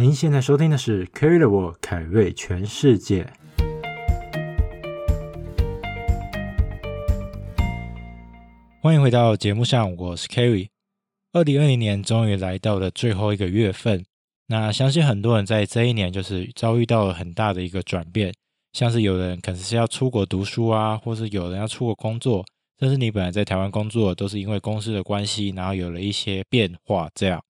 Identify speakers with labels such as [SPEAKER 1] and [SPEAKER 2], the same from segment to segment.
[SPEAKER 1] 您現在收聽的是《Kerry the World》凱瑞全世界，歡迎回到節目上，我是 Kerry。二零二零年終於來到了最後一個月份，那相信很多人在這一年就是遭遇到了很大的一個轉變，像是有人可能是要出國讀書啊，或是有人要出國工作，但是你本來在台灣工作，都是因為公司的關係，然後有了一些變化這樣。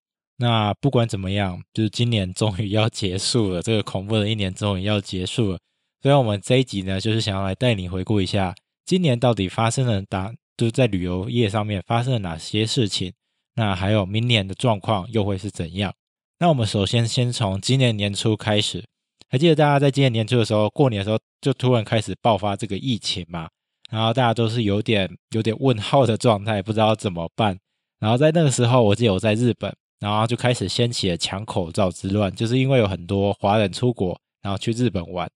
[SPEAKER 1] 那不管怎麼樣，就是今年終於要結束了，這個恐怖的一年終於要結束了。所以，我們這一集呢，就是想要來帶你回顧一下今年到底發生了哪，就是在旅遊業上面發生了哪些事情。那還有明年的狀況又會是怎樣？那我們首先先從今年年初開始，還記得大家在今年年初的時候，過年的時候就突然開始爆發這個疫情嘛？然後大家都是有點有點問號的狀態，不知道怎麼辦。然後在那個時候，我記得我在日本。然後就開始掀起了搶口罩之亂，就是因為有很多華人出國，然後去日本玩，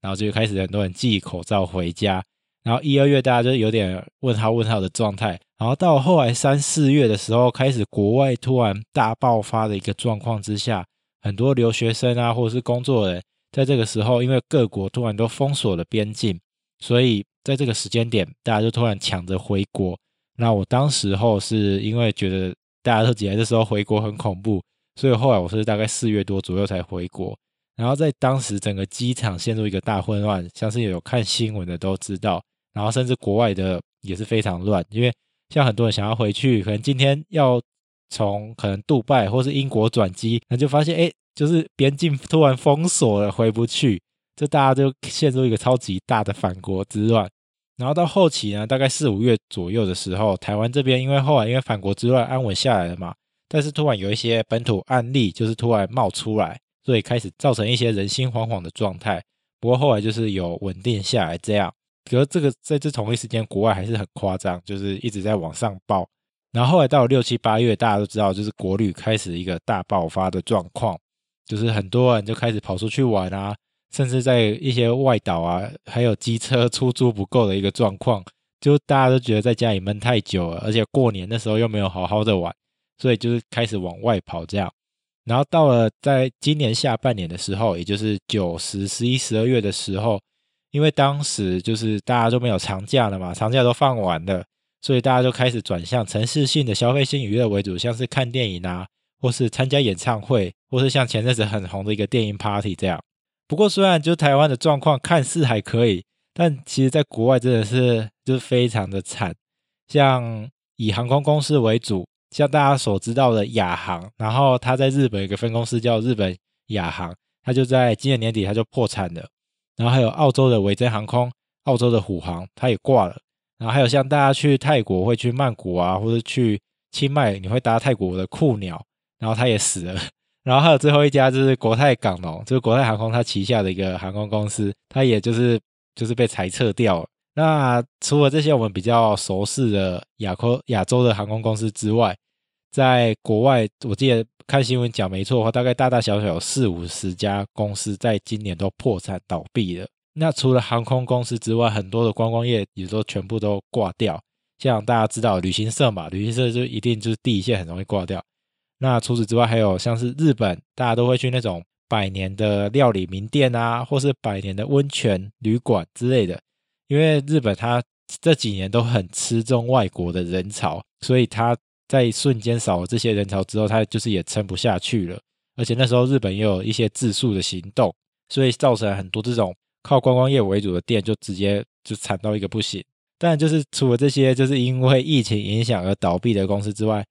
[SPEAKER 1] 然後就開始很多人寄口罩回家。然後一二月大家就有點問號問號的狀態，然後到後來三四月的時候，開始國外突然大爆發的一個狀況之下，很多留學生啊或者是工作人，在這個時候因為各國突然都封鎖了邊境，所以在這個時間點，大家就突然搶着回國。那我當時候是因為覺得。大家都覺得這時候回國很恐怖，所以後來我是大概四月多左右才回國。然後在當時，整個機場陷入一個大混亂，相信有看新聞的都知道。然後甚至國外的也是非常亂，因為像很多人想要回去，可能今天要從可能杜拜或是英國轉機，那就發現哎，就是邊境突然封鎖了，回不去，這大家就陷入一個超級大的反國之亂。然後到後期呢，大概四五月左右的時候，台灣這邊因為後來因為返國之亂安穩下來了嘛，但是突然有一些本土案例就是突然冒出來，所以開始造成一些人心惶惶的狀態。不過後來就是有穩定下來這樣。而這個在這同一時間，國外還是很誇張，就是一直在往上報。然後後來到了六七八月，大家都知道就是國旅開始一個大爆發的狀況，就是很多人就開始跑出去玩啊。甚至在一些外島啊，還有機車出租不夠的一個狀況，就大家都覺得在家裡悶太久了，而且過年的時候又沒有好好的玩，所以就是開始往外跑這樣。然後到了在今年下半年的時候，也就是九、十、十一、十二月的時候，因為當時就是大家都沒有長假了嘛，長假都放完了，所以大家就開始轉向城市性的消費性娛樂為主，像是看電影啊，或是參加演唱會，或是像前陣子很紅的一個電音 party 這樣。不過，雖然就台灣的狀況看似還可以，但其實在國外真的是就是非常的慘。像以航空公司為主，像大家所知道的亞航，然後他在日本有一個分公司叫日本亞航，他就在今年年底他就破產了。然後還有澳洲的維珍航空、澳洲的虎航，他也掛了。然後還有像大家去泰國會去曼谷啊，或者去清邁，你會搭泰國的酷鳥，然後他也死了。然後還有最後一家就是國泰港龍，就是國泰航空它旗下的一個航空公司，它也就是就是被裁撤掉了。那除了這些我們比較熟悉的亞科亞洲的航空公司之外，在國外我記得看新聞講沒錯的話，大概大大小小有四五十家公司在今年都破產倒閉了。那除了航空公司之外，很多的觀光業也都全部都掛掉。像大家知道旅行社嘛，旅行社就一定就是第一線很容易掛掉。那除此之外，還有像是日本，大家都會去那種百年的料理名店啊，或是百年的溫泉旅館之類的。因為日本它這幾年都很吃重外國的人潮，所以它在瞬間少了這些人潮之後，它就是也撐不下去了。而且那時候日本也有一些自述的行動，所以造成很多這種靠觀光業為主的店就直接就慘到一個不行。但就是除了這些就是因為疫情影響而倒閉的公司之外，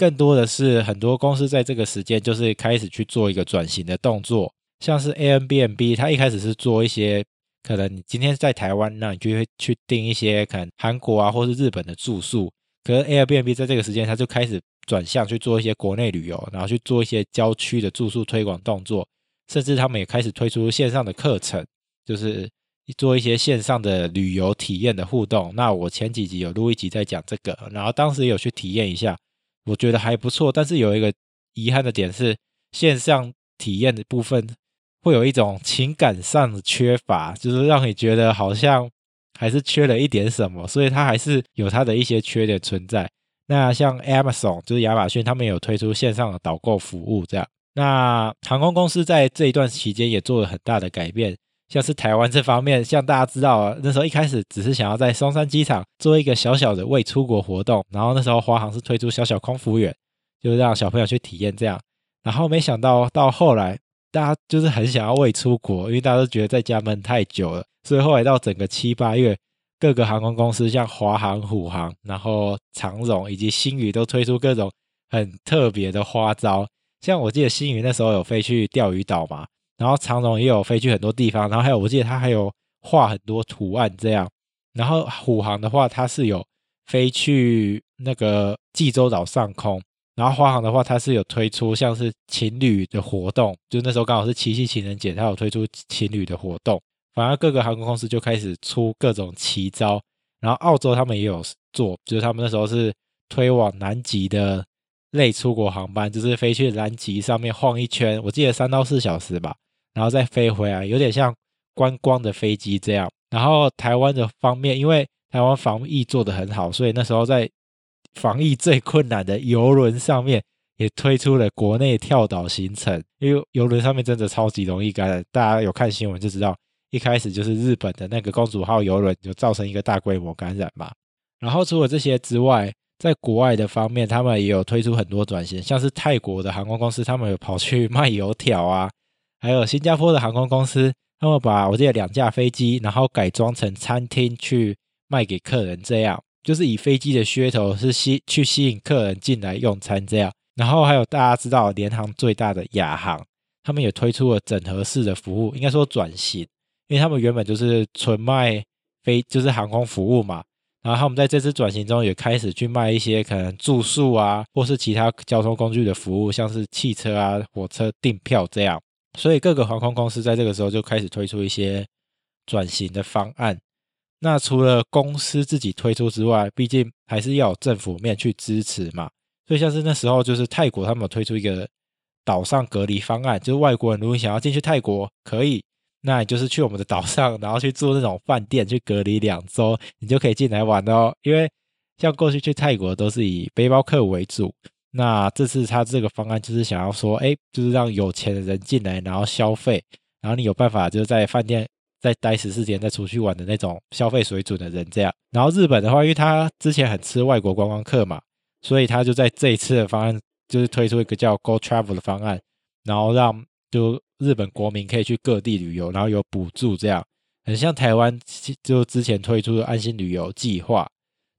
[SPEAKER 1] 更多的是很多公司在這個時間，就是開始去做一個轉型的動作，像是 Airbnb 它一開始是做一些可能你今天在台灣，那你就會去訂一些可能韓國啊或是日本的住宿，可是 Airbnb 在這個時間它就開始轉向去做一些國內旅遊，然後去做一些郊區的住宿推廣動作，甚至他們也開始推出線上的課程，就是做一些線上的旅遊體驗的互動。那我前幾集有錄一集在講這個，然後當時也有去體驗一下。我覺得還不錯，但是有一個遺憾的點是，線上體驗的部分會有一種情感上的缺乏，就是讓你覺得好像還是缺了一點什麼，所以它還是有它的一些缺點存在。那像 Amazon 就是亞馬遜，他們有推出線上的導購服務這樣。那航空公司在這一段期間也做了很大的改變。像是台灣這方面，像大家知道啊，那時候一開始只是想要在松山機場做一個小小的未出國活動，然後那時候華航是推出小小空服員，就讓小朋友去體驗這樣。然後沒想到到後來，大家就是很想要未出國，因為大家都覺得在家悶太久了，所以後來到整個七八月，各個航空公司像華航、虎航、然後長榮以及星宇都推出各種很特別的花招。像我記得星宇那時候有飛去釣魚島嘛。然後長榮也有飛去很多地方，然後還有我記得它還有畫很多圖案這樣。然後虎航的話，它是有飛去那個濟州島上空。然後華航的話，它是有推出像是情侶的活動，就那時候剛好是七夕情人節，它有推出情侶的活動。反正各個航空公司就開始出各種奇招。然後澳洲他們也有做，就是他們那時候是推往南極的類出國航班，就是飛去南極上面晃一圈。我記得三到四小時吧。然後再飛回來，有點像觀光的飛機這樣。然後台灣的方面，因為台灣防疫做得很好，所以那時候在防疫最困難的遊輪上面，也推出了國內跳島行程。因為遊輪上面真的超級容易感染，大家有看新聞就知道，一開始就是日本的那個公主號遊輪就造成一個大規模感染嘛。然後除了這些之外，在國外的方面，他們也有推出很多轉型，像是泰國的航空公司，他們有跑去賣油條啊。還有新加坡的航空公司，他們把我這兩架飛機，然後改裝成餐廳去賣給客人，這樣，就是以飛機的噱頭是吸去吸引客人進來用餐這樣。然後還有大家知道，廉航最大的亞航，他們也推出了整合式的服務，應該說轉型，因為他們原本就是純賣飛就是航空服務嘛。然後他們在這次轉型中也開始去賣一些可能住宿啊，或是其他交通工具的服務，像是汽車啊、火車訂票這樣。所以各個航空公司在這個時候就開始推出一些轉型的方案。那除了公司自己推出之外，畢竟還是要有政府面去支持嘛。所以像是那時候就是泰國，他們有推出一個島上隔離方案，就是外國人如果想要進去泰國，可以，那你就是去我們的島上，然後去住那種飯店去隔離兩周，你就可以進來玩的哦。因為像過去去泰國都是以背包客為主。那這次他這個方案就是想要說，哎，就是讓有錢的人進來，然後消費，然後你有辦法就是在飯店再待十四天再出去玩的那種消費水準的人這樣。然後日本的話，因為他之前很吃外國觀光客嘛，所以他就在這一次的方案就是推出一個叫 Go Travel 的方案，然後讓就日本國民可以去各地旅遊，然後有補助這樣，很像台灣就之前推出的安心旅遊計劃。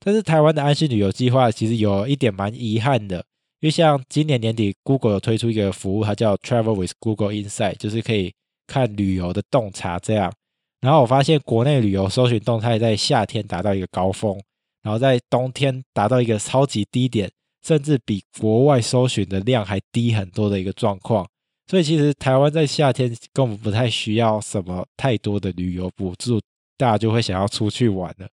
[SPEAKER 1] 但是台灣的安心旅遊計劃其實有一點蠻遺憾的。因為像今年年底，Google 有推出一個服務，它叫 Travel with Google Insight，就是可以看旅遊的洞察這樣。然後我發現國內旅遊搜尋動態在夏天達到一個高峰，然後在冬天達到一個超級低點，甚至比國外搜尋的量還低很多的一個狀況。所以其實台灣在夏天根本不太需要什麼太多的旅遊補助，大家就會想要出去玩了。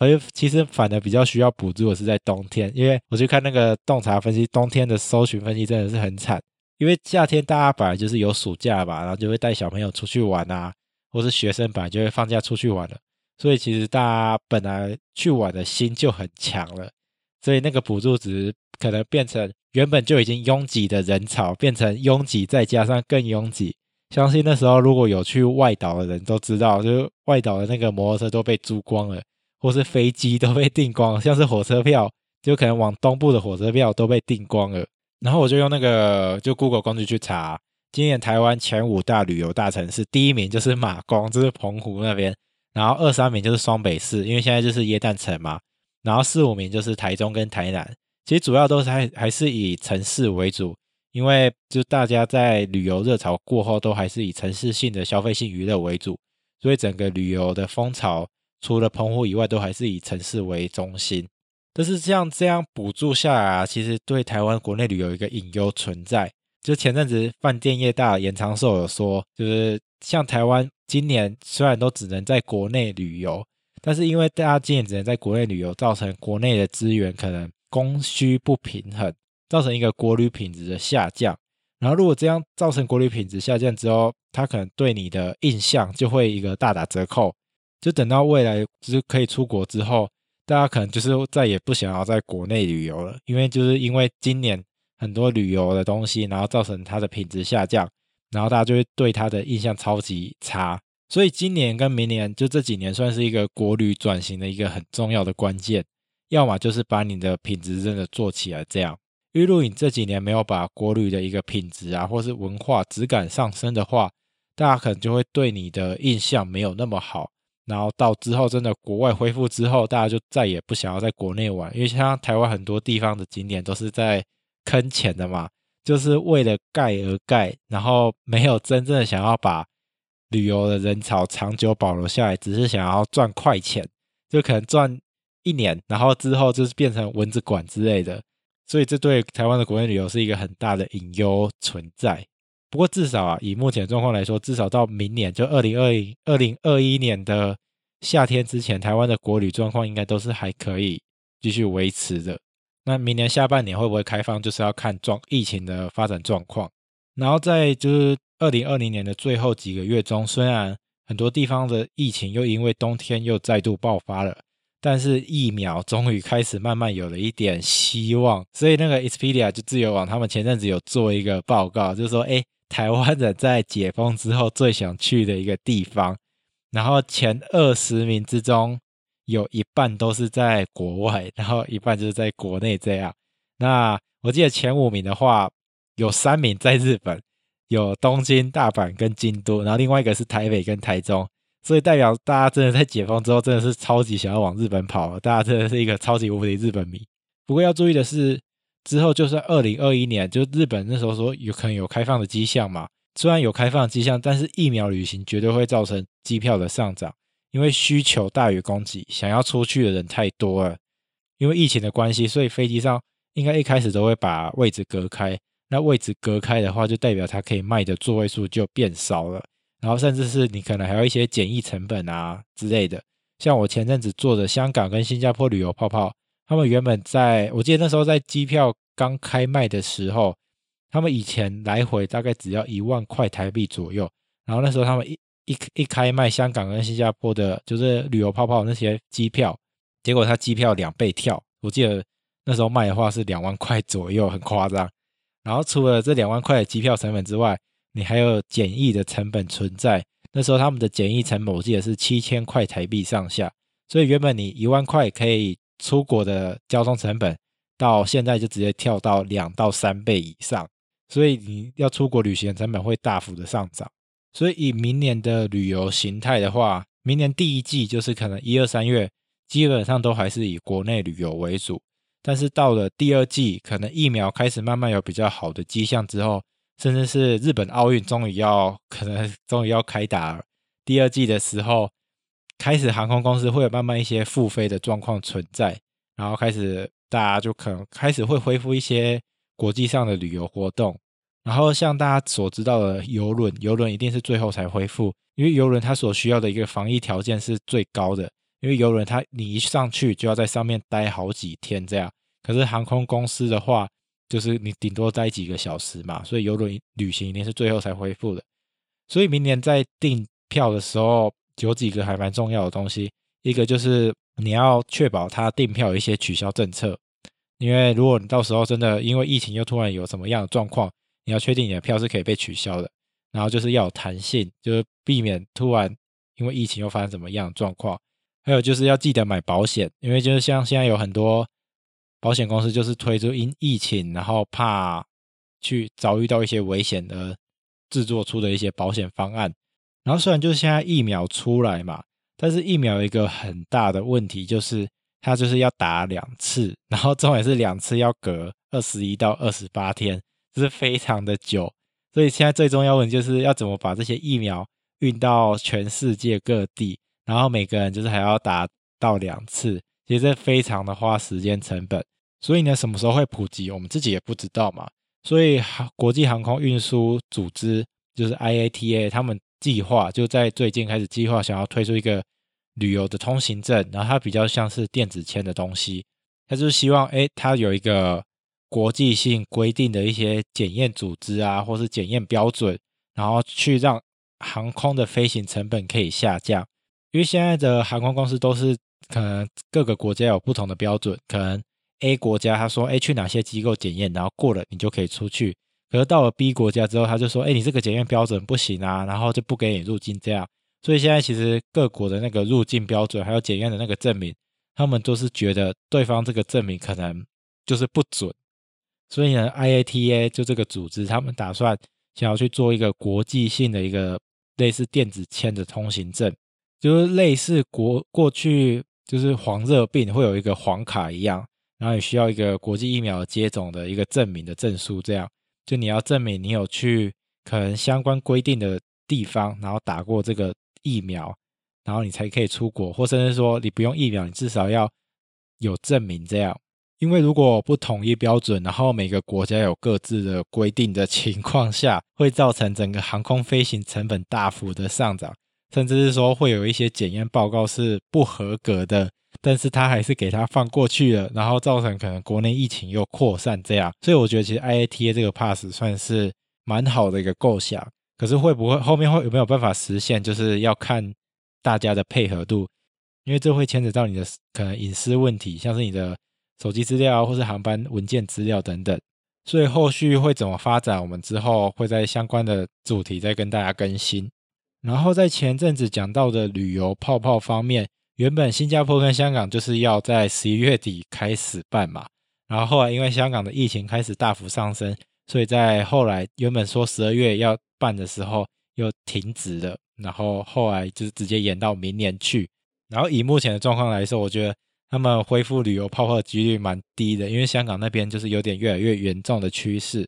[SPEAKER 1] 而且其實反而比較需要補助的是在冬天，因為我去看那個洞察分析，冬天的搜尋分析真的是很慘。因為夏天大家本來就是有暑假吧，然後就會帶小朋友出去玩啊，或是學生本來就會放假出去玩了，所以其實大家本來去玩的心就很強了，所以那個補助值可能變成原本就已經擁擠的人潮，變成擁擠再加上更擁擠。相信那時候如果有去外島的人都知道，就是外島的那個摩托車都被租光了。或是飛機都被訂光，像是火車票，就可能往東部的火車票都被訂光了。然後我就用那個就 Google 工具去查，今年台灣前五大旅遊大城市，第一名就是馬公，就是澎湖那邊。然後二三名就是雙北市，因為現在就是耶誕城嘛。然後四五名就是台中跟台南，其實主要都是還還是以城市為主，因為就大家在旅遊熱潮過後，都還是以城市性的消費性娛樂為主，所以整個旅遊的風潮。除了澎湖以外，都還是以城市為中心。但是像這樣補助下來啊，其實對台灣國內旅遊一個隱憂存在。就前陣子飯店業大老嚴長壽有說，就是像台灣今年雖然都只能在國內旅遊，但是因為大家今年只能在國內旅遊，造成國內的資源可能供需不平衡，造成一個國旅品質的下降。然後如果這樣造成國旅品質下降之後，他可能對你的印象就會一個大打折扣。就等到未來就是可以出國之後，大家可能就是再也不想要在國內旅遊了，因為就是因為今年很多旅遊的東西，然後造成它的品質下降，然後大家就會對它的印象超級差。所以今年跟明年就這幾年算是一個國旅轉型的一個很重要的關鍵，要麼就是把你的品質真的做起來這樣。如果你這幾年沒有把國旅的一個品質啊，或是文化質感上升的話，大家可能就會對你的印象沒有那麼好。然後到之後，真的國外恢復之後，大家就再也不想要在國內玩，因為像台灣很多地方的景點都是在坑錢的嘛，就是為了蓋而蓋，然後沒有真正的想要把旅遊的人潮長久保留下來，只是想要賺快錢，就可能賺一年，然後之後就是變成蚊子館之類的，所以這對台灣的國內旅遊是一個很大的隱憂存在。不過至少啊，以目前的狀況來說，至少到明年就二零二零二零二一年的夏天之前，台灣的國旅狀況應該都是還可以繼續維持的。那明年下半年會不會開放，就是要看狀疫情的發展狀況。然後在就是二零二零年的最後幾個月中，雖然很多地方的疫情又因為冬天又再度爆發了，但是疫苗終於開始慢慢有了一點希望。所以那個 Expedia 就自由網他們前陣子有做一個報告，就是說，哎、欸。台灣人在解封之後最想去的一個地方，然後前二十名之中有一半都是在國外，然後一半就是在國內這樣。那我記得前五名的話，有三名在日本，有東京、大阪跟京都，然後另外一個是台北跟台中。所以代表大家真的在解封之後真的是超級想要往日本跑了，大家真的是一個超級無敵日本迷。不過要注意的是，之後就是二零二一年，就日本那時候說有可能有開放的跡象嘛。雖然有開放的跡象，但是疫苗旅行絕對會造成機票的上漲，因為需求大於供給，想要出去的人太多了。因為疫情的關係，所以飛機上應該一開始都會把位置隔開。那位置隔開的話，就代表它可以賣的座位數就變少了。然後甚至是你可能還有一些檢疫成本啊之類的。像我前陣子做的香港跟新加坡旅遊泡泡。他們原本在，我記得那時候在機票剛開賣的時候，他們以前來回大概只要一萬塊台幣左右。然後那時候他們一一一開賣香港跟新加坡的，就是旅遊泡泡那些機票，結果他機票兩倍跳。我記得那時候賣的話是兩萬塊左右，很誇張。然後除了這兩萬塊的機票成本之外，你還有檢疫的成本存在。那時候他們的檢疫成本我記得是七千塊台幣上下。所以原本你一萬塊可以，出國的交通成本到現在就直接跳到兩到三倍以上，所以你要出國旅行成本會大幅的上漲。所以以明年的旅遊形態的話，明年第一季就是可能一二三月基本上都還是以國內旅遊為主，但是到了第二季，可能疫苗開始慢慢有比較好的跡象之後，甚至是日本奧運終於要可能終於要開打了，第二季的時候。開始，航空公司會有慢慢一些復飛的狀況存在，然後開始大家就可能開始會恢復一些國際上的旅遊活動，然後像大家所知道的郵輪，郵輪郵輪一定是最後才恢復，因為郵輪它所需要的一個防疫條件是最高的，因為郵輪它你一上去就要在上面待好幾天這樣，可是航空公司的話就是你頂多待幾個小時嘛，所以郵輪旅行一定是最後才恢復的，所以明年在訂票的時候。有幾個還蠻重要的東西，一個就是你要確保他訂票有一些取消政策，因為如果你到時候真的因為疫情又突然有什麼樣的狀況，你要確定你的票是可以被取消的。然後就是要有彈性，就是避免突然因為疫情又發生什麼樣的狀況。還有就是要記得買保險，因為就是像現在有很多保險公司就是推出因疫情，然後怕去遭遇到一些危險而制作出的一些保險方案。然後雖然就是現在疫苗出來嘛，但是疫苗有一個很大的問題，就是它就是要打兩次，然後最後也是兩次要隔二十一到二十八天，這是非常的久。所以現在最重要的就是要怎麼把這些疫苗運到全世界各地，然後每個人就是還要打到兩次，其實這非常的花時間成本。所以呢，什麼時候會普及，我們自己也不知道嘛。所以航國際航空運輸組織就是 IATA 他們。計劃就在最近開始計劃，想要推出一個旅遊的通行證，然後它比較像是電子簽的東西。它就希望，誒它有一個國際性規定的一些檢驗組織啊，或是檢驗標準，然後去讓航空的飛行成本可以下降。因為現在的航空公司都是可能各個國家有不同的標準，可能 A 國家他說，誒去哪些機構檢驗，然後過了你就可以出去。可是到了 B 國家之後，他就說：“哎、欸，你這個檢驗標準不行啊，然後就不給你入境這樣。”所以現在其實各國的那個入境標準還有檢驗的那個證明，他們都是覺得對方這個證明可能就是不準。所以呢，IATA 就這個組織，他們打算想要去做一個國際性的一個類似電子簽的通行證，就是類似國過去就是黃熱病會有一個黃卡一樣，然後也需要一個國際疫苗接種的一個證明的證書這樣。就你要證明你有去可能相關規定的地方，然後打過這個疫苗，然後你才可以出國，或甚至說你不用疫苗，你至少要有證明這樣。因為如果不統一標準，然後每個國家有各自的規定的情況下，會造成整個航空飛行成本大幅的上漲，甚至是說會有一些檢驗報告是不合格的。但是他還是給他放過去了，然後造成可能國內疫情又擴散這樣，所以我覺得其實 IATA 這個 pass 算是蠻好的一個構想，可是會不會後面會有沒有辦法實現，就是要看大家的配合度，因為這會牽扯到你的可能隱私問題，像是你的手機資料或是航班文件資料等等，所以後續會怎麼發展，我們之後會在相關的主題再跟大家更新。然後在前陣子講到的旅遊泡泡方面。原本新加坡跟香港就是要在十一月底開始辦嘛，然後後來因為香港的疫情開始大幅上升，所以在後來原本說十二月要辦的時候又停止了，然後後來就是直接延到明年去。然後以目前的狀況來說，我覺得他們恢復旅遊泡泡的幾率蠻低的，因為香港那邊就是有點越來越嚴重的趨勢。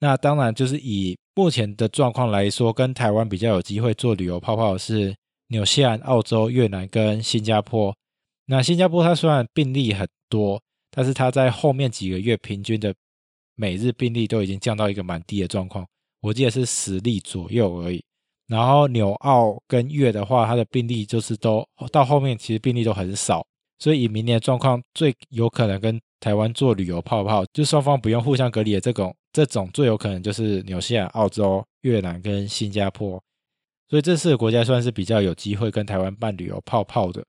[SPEAKER 1] 那當然就是以目前的狀況來說，跟台灣比較有機會做旅遊泡泡是，紐西蘭、澳洲、越南跟新加坡，那新加坡它雖然病例很多，但是它在後面幾個月平均的每日病例都已經降到一個蠻低的狀況，我記得是十例左右而已。然後紐澳跟越的話，它的病例就是都到後面其實病例都很少，所以以明年的狀況最有可能跟台灣做旅遊泡泡，就雙方不用互相隔離的這種，這種最有可能就是紐西蘭、澳洲、越南跟新加坡。所以這四個國家算是比較有機會跟台灣辦旅遊泡泡的。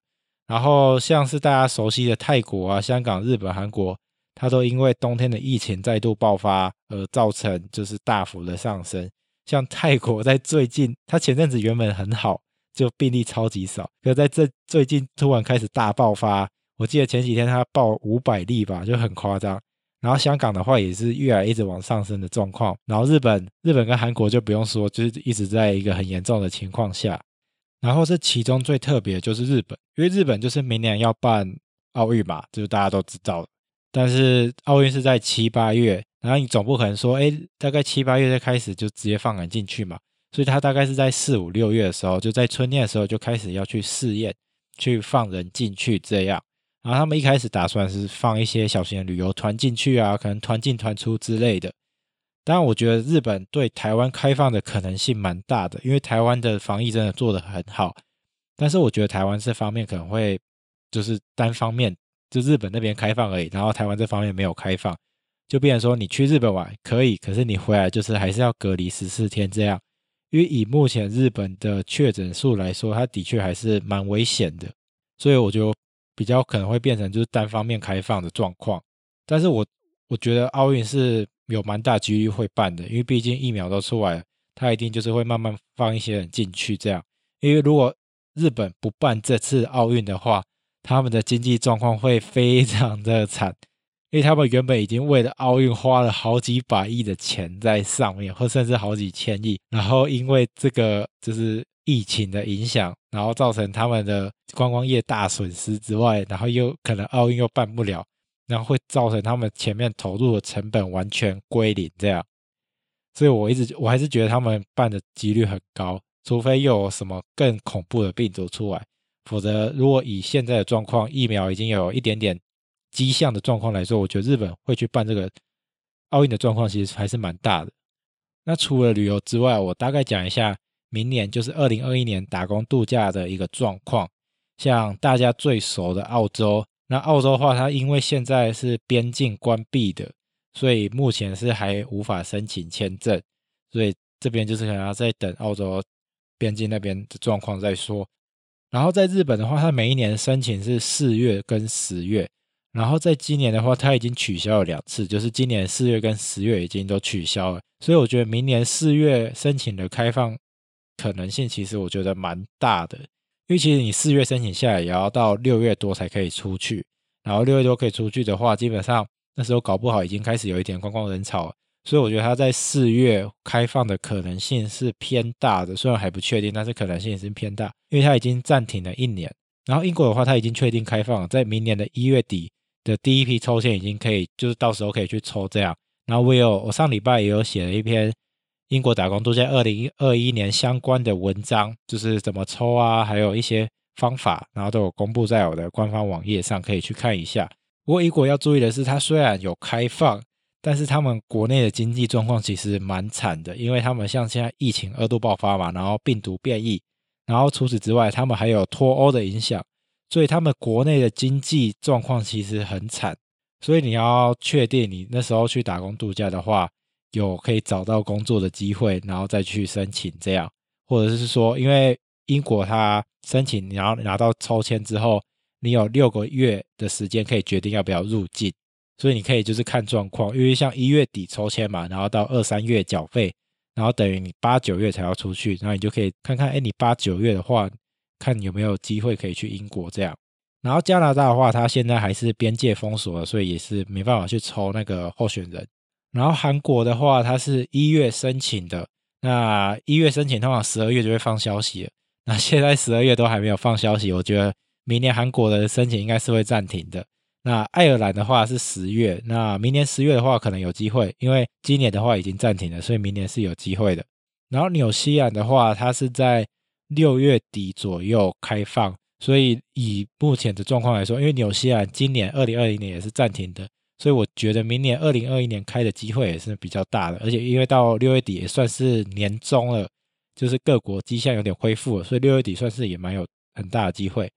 [SPEAKER 1] 然後像是大家熟悉的泰國啊、香港、日本、韓國，它都因為冬天的疫情再度爆發而造成就是大幅的上升。像泰國在最近，它前陣子原本很好，就病例超級少，可是在這最近突然開始大爆發。我記得前幾天它爆五百例吧，就很誇張。然後香港的話也是越來一直往上升的狀況，然後日本、日本跟韓國就不用說，就是一直在一個很嚴重的情況下。然後這其中最特別的就是日本，因為日本就是明年要辦奧運嘛，就是大家都知道。但是奧運是在七八月，然後你總不可能說，哎，大概七八月就開始就直接放人進去嘛，所以他大概是在四五六月的時候，就在春天的時候就開始要去試驗，去放人進去這樣。然後他們一開始打算是放一些小型的旅游團進去啊，可能團進團出之類的。當然，我覺得日本對台灣開放的可能性蠻大的，因為台灣的防疫真的做得很好。但是，我覺得台灣這方面可能會就是單方面就日本那邊開放而已，然後台灣這方面沒有開放，就變成說你去日本玩可以，可是你回來就是還是要隔離十四天這樣。因為以目前日本的確診數來說，它的確還是蠻危險的，所以我就。比較可能會變成就是單方面開放的狀況，但是我我覺得奧運是有蠻大幾率會辦的，因為畢竟疫苗都出來了，他一定就是會慢慢放一些人進去這樣。因為如果日本不辦這次奧運的話，他們的經濟狀況會非常的慘，因為他們原本已經為了奧運花了好幾百億的錢在上面，或甚至好幾千億，然後因為這個就是疫情的影響。然後造成他們的觀光業大損失之外，然後又可能奧運又辦不了，然後會造成他們前面投入的成本完全歸零，這樣，所以我一直我還是覺得他們辦的幾率很高，除非又有什麼更恐怖的病毒出來，否則如果以現在的狀況，疫苗已經有一點點跡象的狀況來說，我覺得日本會去辦這個奧運的狀況其實還是蠻大的。那除了旅遊之外，我大概講一下。明年就是二零二一年打工度假的一個狀況，像大家最熟的澳洲，那澳洲的話，它因為現在是邊境關閉的，所以目前是還無法申請簽證，所以這邊就是可能要再等澳洲邊境那邊的狀況再說。然後在日本的話，它每一年申請是四月跟十月，然後在今年的話，它已經取消了兩次，就是今年四月跟十月已經都取消了，所以我覺得明年四月申請的開放可能性其實我覺得蠻大的，因為其實你四月申請下來也要到六月多才可以出去，然後六月多可以出去的話，基本上那時候搞不好已經開始有一點觀光人潮，所以我覺得它在四月開放的可能性是偏大的，雖然還不確定，但是可能性也是偏大，因為它已經暫停了一年。然後英國的話，它已經確定開放了，在明年的一月底的第一批抽籤已經可以，就是到時候可以去抽這樣。然後我有，我上禮拜也有寫了一篇。英國打工度假二零二一年相關的文章，就是怎麼抽啊，還有一些方法，然後都有公布在我的官方網頁上，可以去看一下。不過英國要注意的是，它雖然有開放，但是他們國內的經濟狀況其實蠻慘的，因為他們像現在疫情二度爆發嘛，然後病毒變異，然後除此之外，他們還有脫歐的影響，所以他們國內的經濟狀況其實很慘。所以你要確定你那時候去打工度假的話。有可以找到工作的機會，然後再去申請這樣，或者是說，因為英國它申請，然後拿到抽籤之後，你有六個月的時間可以決定要不要入境，所以你可以就是看狀況，因為像一月底抽籤嘛，然後到二三月繳費，然後等於你八九月才要出去，然後你就可以看看，哎、欸，你八九月的話，看有沒有機會可以去英國這樣。然後加拿大的話，它現在還是邊界封鎖了，所以也是沒辦法去抽那個候選人。然後韓國的話，它是一月申請的，那一月申請，通常十二月就會放消息了。那現在十二月都還沒有放消息，我覺得明年韓國的申請應該是會暫停的。那愛爾蘭的話是十月，那明年十月的話可能有機會，因為今年的話已經暫停了，所以明年是有機會的。然後紐西蘭的話，它是在六月底左右開放，所以以目前的狀況來說，因為紐西蘭今年二零二零年也是暫停的。所以我覺得明年二零二一年開的機會也是比較大的，而且因為到六月底也算是年中了，就是各國跡象有點恢復了，所以六月底算是也蠻有很大的機會。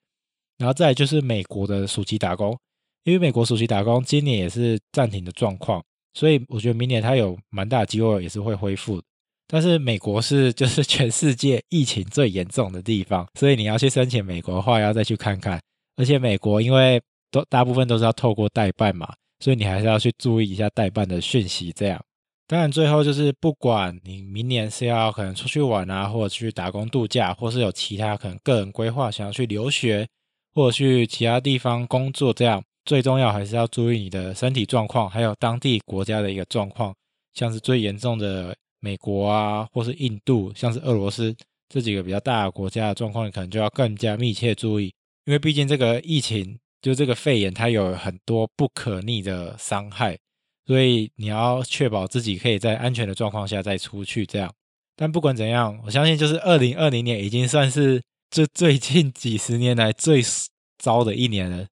[SPEAKER 1] 然後再來就是美國的暑期打工，因為美國暑期打工今年也是暫停的狀況，所以我覺得明年它有蠻大的機會也是會恢復。但是美國是就是全世界疫情最嚴重的地方，所以你要去申請美國的話，要再去看看。而且美國因為都大部分都是要透過代辦嘛。所以你還是要去注意一下代辦的訊息，這樣。當然，最後就是不管你明年是要可能出去玩啊，或者去打工度假，或是有其他可能個人規劃想要去留學，或者去其他地方工作，這樣，最重要還是要注意你的身體狀況，還有當地國家的一個狀況。像是最嚴重的美國啊，或是印度，像是俄羅斯這幾個比較大的國家的狀況，你可能就要更加密切注意，因為畢竟這個疫情。就這個肺炎，它有很多不可逆的傷害，所以你要確保自己可以在安全的狀況下再出去。這樣，但不管怎樣，我相信就是二零二零年已經算是這最近幾十年來最糟的一年了。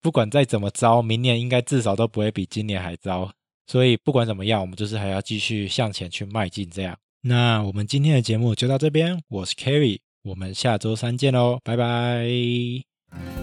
[SPEAKER 1] 不管再怎麼糟，明年應該至少都不會比今年還糟。所以不管怎麼樣，我們就是還要繼續向前去邁進。這樣，那我們今天的節目就到這邊。我是 Kerry，我們下周三見嘍，拜拜。